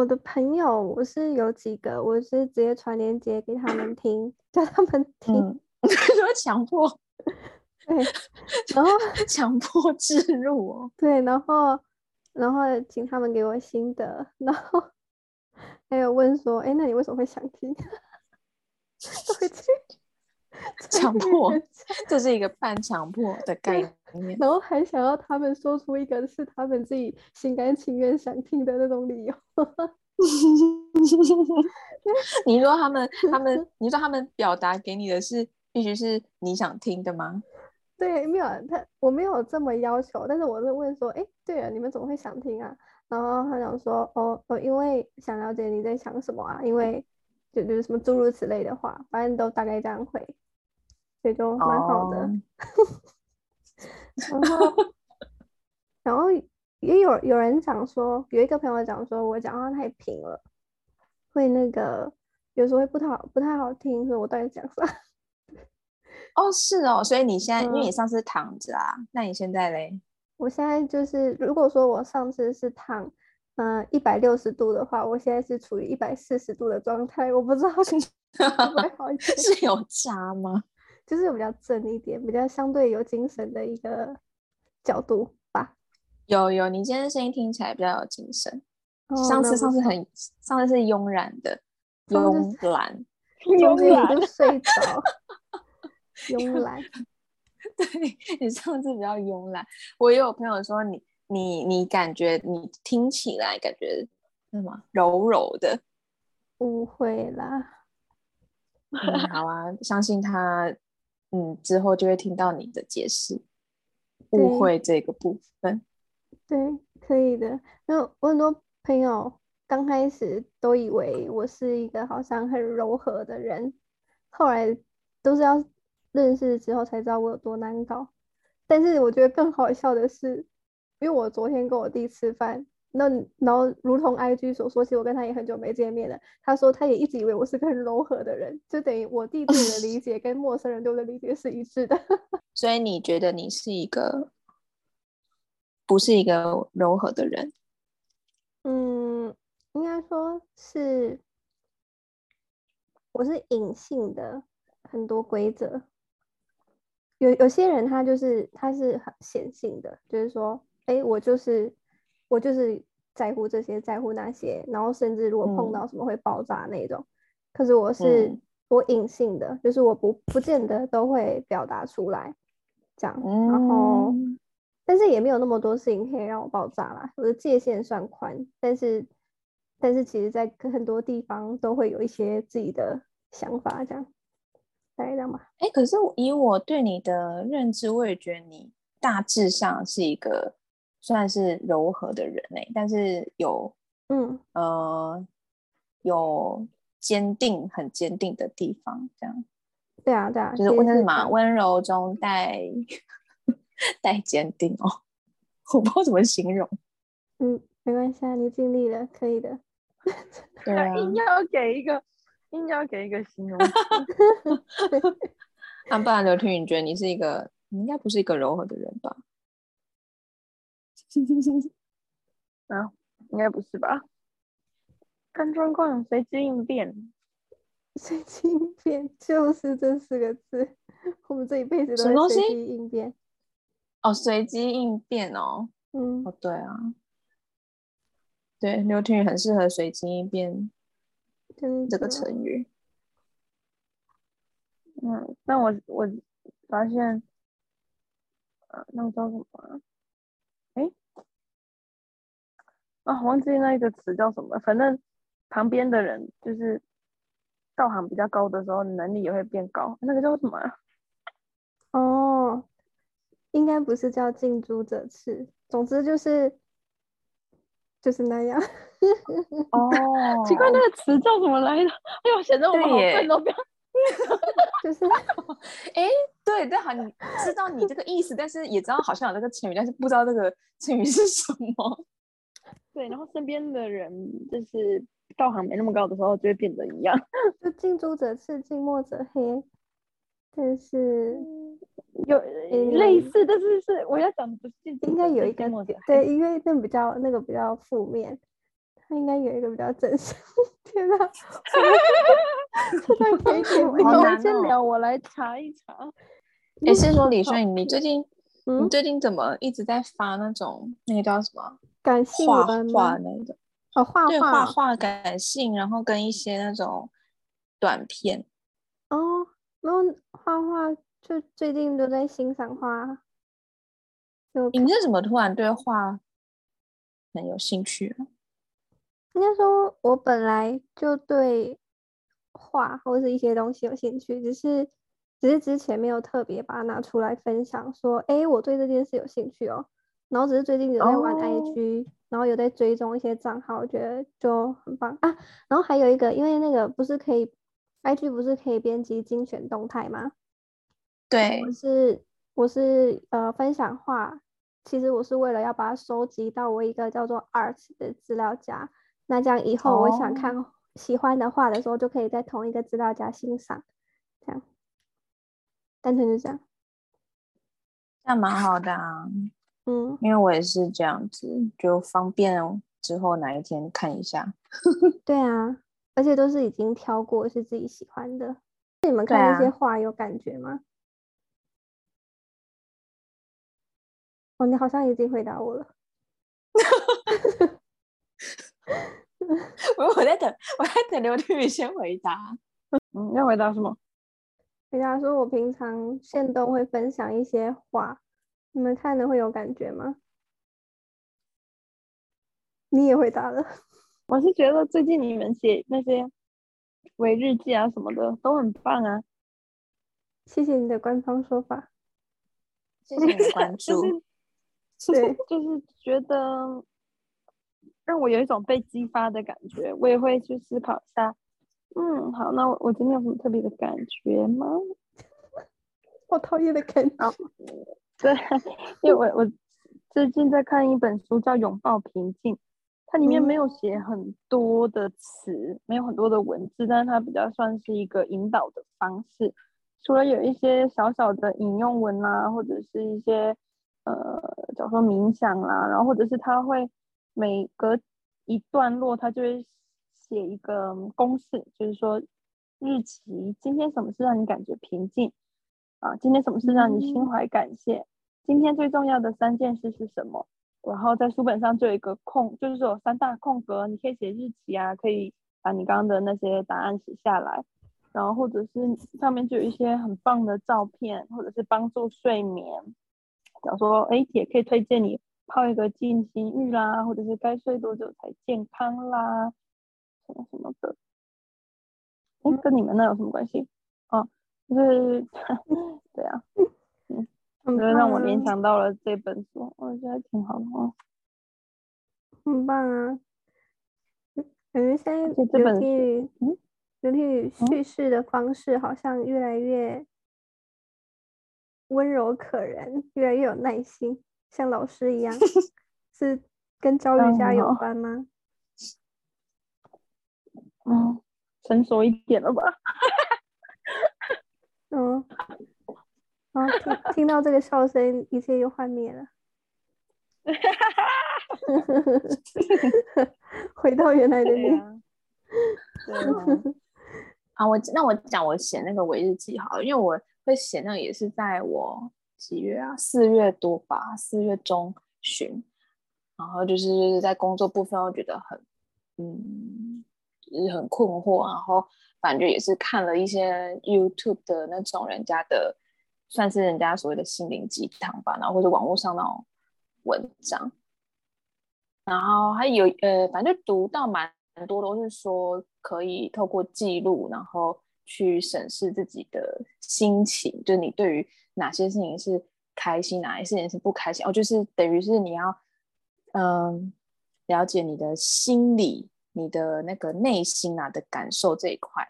我的朋友，我是有幾個，我是直接傳鏈接給他們聽，嗯，叫他們聽，說 強迫，對，然後強 迫植入，對，然後，然後請他們給我心得，然後還有問說，哎、欸，那你為什麼會想聽？會聽？強迫，這是一個半強迫的概念。然後還想要他們說出一個是他們自己心甘情願想聽的那種理由。 你說他們，他們，你說他們表達給你的是必須是你想聽的嗎？對，沒有，他我沒有這麼要求。但是我就問說，誒，對啊，你們怎麼會想聽啊？然後他想說，哦，哦，因為想了解你在想什麼啊，因為就就是什麼諸如此類的話，反正都大概這樣會。也就蠻好的、oh.， 然後然後也有有人講說，有一個朋友講說，我講話太平了，會那個有時候會不太好，不太好聽，所以我到底講啥？哦，是哦，所以你現在、嗯、因為你上次躺着啊，那你現在咧？我現在就是如果說我上次是躺，嗯、呃，一百六十度的話，我現在是處於一百四十度的狀態，我不知道是楚，還 好是有差嗎？就是比較正一點，比較相對有精神的一個角度吧。有有，你今天聲音聽起來比較有精神。Oh, 上次上次很上次是慵懶的，慵懶，慵懶都睡着， 慵懶然。 對你上次比較慵懶。我也有朋友說你你你感覺你聽起來感覺什麼柔柔的？誤會啦。 好啊，相信他。嗯，之後就會聽到你的解釋，誤會這個部分。對，對，可以的。那我很多朋友剛開始都以為我是一個好像很柔和的人，後來都是要認識之後才知道我有多難搞。但是我覺得更好笑的是，因為我昨天跟我弟吃飯。那然後，如同 IG 所說，其實我跟他也很久沒見面了。他說他也一直以為我是個很柔和的人，就等於我弟弟的理解 跟陌生人對我的理解是一致的。 所以你覺得你是一個，不是一個柔和的人？嗯，應該說是，我是隱性的很多規則。有有些人他就是他是很顯性的，就是說，哎、欸，我就是。我就是在乎這些，在乎那些，然後甚至如果碰到什麼會爆炸那種、嗯，可是我是我隱性的、嗯，就是我不不見得都會表達出來，這樣、嗯、然後，但是也沒有那麼多事情可以讓我爆炸啦，我的界限算寬，但是，但是其實在很多地方都會有一些自己的想法，這樣，大概這樣吧。哎、欸，可是以我對你的認知，我也覺得你大致上是一個。算是柔和的人哎、欸，但是有嗯呃有堅定很堅定的地方，這樣。對啊對啊，就是溫什麼溫柔中帶帶堅定哦，我不知道怎麼形容，嗯，沒關係、啊，你盡力了，可以的，對啊，硬、啊、要給一個硬要給一個形容詞，那、 啊、不然劉天宇覺得你是一個你應該不是一個柔和的人吧？行行行行，啊，應該不是吧？看狀況，隨機應變。隨機應變就是這四個字，我們這一輩子都在隨機應變。哦，隨機應變哦，嗯，哦對啊，對，劉天宇很適合隨機應變這個成語。嗯，但、嗯、我我發現，呃、啊，那我叫什麼、啊？哎、欸，啊，忘記那一個詞叫什麼？反正旁邊的人就是道行比較高的時候，能力也會變高。那個叫什麼、啊？哦，應該不是叫近朱者赤。總之就是就是那樣。哦， 奇怪，那個詞叫什麼來着？哎呦，顯得我們好笨、哦，都不要。 就是，哎、 欸。對，但好，你知道你這個意思，但是也知道好像有這個成語，但是不知道這個成語是什麼。對，然後身邊的人就是道行沒那麼高的時候就會變得一樣，就近朱者赤，近墨者黑。但是有，有類似，但是是我要講的不是，應該有一個，對，因為那比較那個比較負面，他應該有一個比較真實。 天吶哪！這太甜了，我們先聊，我來查一查。哎，是說李雙、嗯、你最近、嗯，你最近怎麼一直在發那種那個叫什麼？感性嗎？畫，畫那種？哦，畫畫，對畫畫感性，然後跟一些那種短片。哦，然後畫畫，就最近都在欣賞畫就。你是怎麼突然對畫很有興趣？應該說，我本來就對畫或者是一些東西有興趣，只是。只是之前沒有特別把它拿出來分享說，說哎，我對這件事有興趣哦。然後只是最近有在玩 IG，oh. 然後有在追蹤一些賬號，我覺得就很棒啊。然後還有一個，因為那個不是可以，IG 不是可以編輯精選動態嗎？對，是我是，我是呃分享畫，其實我是為了要把它收集到我一個叫做 Art 的資料夾，那這樣以後我想看喜歡的畫的時候，就可以在同一個資料夾欣賞，這樣。單純就這樣，這樣蠻好的啊。嗯，因為我也是這樣子，就方便哦，之後哪一天看一下。 對啊，而且都是已經挑過是自己喜歡的。你們看那些話有感覺嗎？啊、哦，你好像已經回答我了。 我我在等，我在等劉麗雨先回答。 嗯，要回答什麼？人家說我平常限動都會分享一些話，你們看了會有感覺嗎？你也回答了，我是覺得最近你們寫那些偽日記啊什麼的都很棒啊！謝謝你的官方說法，謝謝你的關注、 就是就是。對，就是覺得讓我有一種被激發的感覺，我也會去思考一下。嗯，好，那我我今天有什麼特別的感覺嗎？好討厭的感覺。 對，因為我我最近在看一本書叫《擁抱平靜》，它裡面沒有寫很多的詞、嗯，沒有很多的文字，但是它比較算是一個引導的方式。除了有一些小小的引用文啊，或者是一些呃，假如說冥想啦、啊，然後或者是它會每隔一段落，它就會。寫一個公式，就是說日期，今天什麼事讓你感覺平靜啊？今天什麼事讓你心懷感謝、嗯？今天最重要的三件事是什麼？然後在書本上做一個空，就是說有三大空格，你可以寫日期啊，可以把你剛剛的那些答案寫下來，然後或者是上面就有一些很棒的照片，或者是幫助睡眠，比如說誒，也可以推薦你泡一個靜心浴啦，或者是該睡多久才健康啦。什麼的？跟你們那有什麼關係？哦、啊，就是呵呵對呀、啊 啊，嗯，我、就、覺、是、讓我聯想到了這本書，我覺得挺好的哦，很棒啊！感覺現在劉聽雨，劉、嗯、聽雨敘事的方式好像越來越溫柔可人，越來越有耐心，像老師一樣， 是跟教育家有關嗎？嗯、哦，成熟一點了吧？嗯 、哦，啊、哦，聽聽到這個笑聲，一切又幻滅了。 回到原來的你。啊。 對啊 我那我講我寫那個偽日記好，因為我會寫那個也是在我幾月啊？四月多吧，四月中旬。然後就是在工作部分，我覺得很嗯。就是很困惑，然後感覺也是看了一些 YouTube 的那種人家的，算是人家所謂的心靈雞湯吧，然後或者網絡上那種文章，然後還有呃，反正就讀到蠻多都是說可以透過記錄，然後去審視自己的心情，就你對於哪些事情是開心，哪些事情是不開心，哦，就是等於是你要嗯了解你的心理。你的那個內心啊的感受這一塊，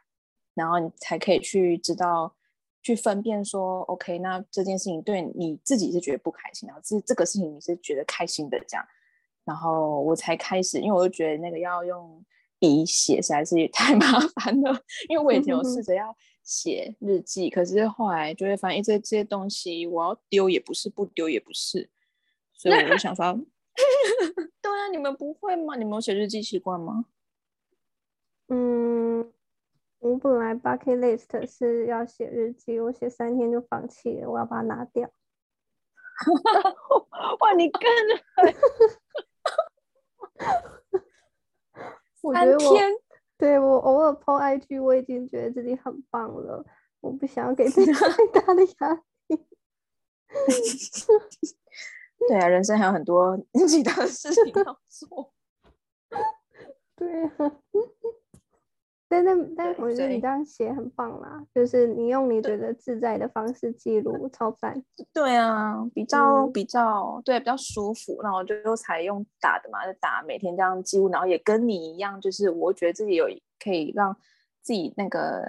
然後你才可以去知道，去分辨說，OK，那這件事情對你，你自己是覺得不開心，然後這這個事情你是覺得開心的這樣，然後我才開始，因為我就覺得那個要用筆寫實在是也太麻煩了，因為我以前有試着要寫日記、嗯，可是後來就會發現這這些東西我要丟也不是，不丟也不是，所以我就想說。 對啊，你們不會嗎？你們有寫日記習慣嗎？嗯，我本來 bucket list 是要寫日記，我寫三天就放棄了，我要把它拿掉。哇， 哇哇哇哇你更、欸？ 三天？對，我偶爾 po IG，我已經覺得自己很棒了，我不想要給自己太大的壓力。 對啊，人生還有很多其他的事情要做。 對啊，但是，但我覺得你這樣寫很棒啦，就是你用你覺得自在的方式記錄，超讚。對啊，比較、嗯、比較對、啊，比較舒服。那我就採用打的嘛，就打每天這樣記錄，然後也跟你一樣，就是我覺得自己有可以讓自己那個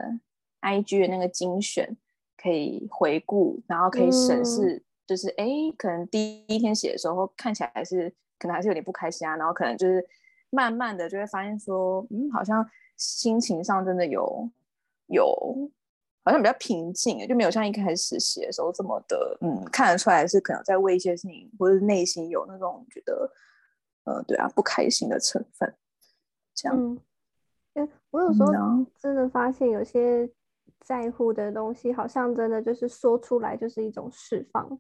I G 的那個精選可以回顧，然後可以審視。嗯就是哎，可能第一天寫的時候看起來是可能還是有點不開心啊，然後可能就是慢慢的就會發現說，嗯，好像心情上真的有有好像比較平靜，就沒有像一開始寫的時候這麼的，嗯，看得出來是可能在為一些事情，或者是內心有那種覺得，呃，對啊，不開心的成分。這樣，嗯，我有時候真的發現有些在乎的東西，好像真的就是說出來就是一種釋放。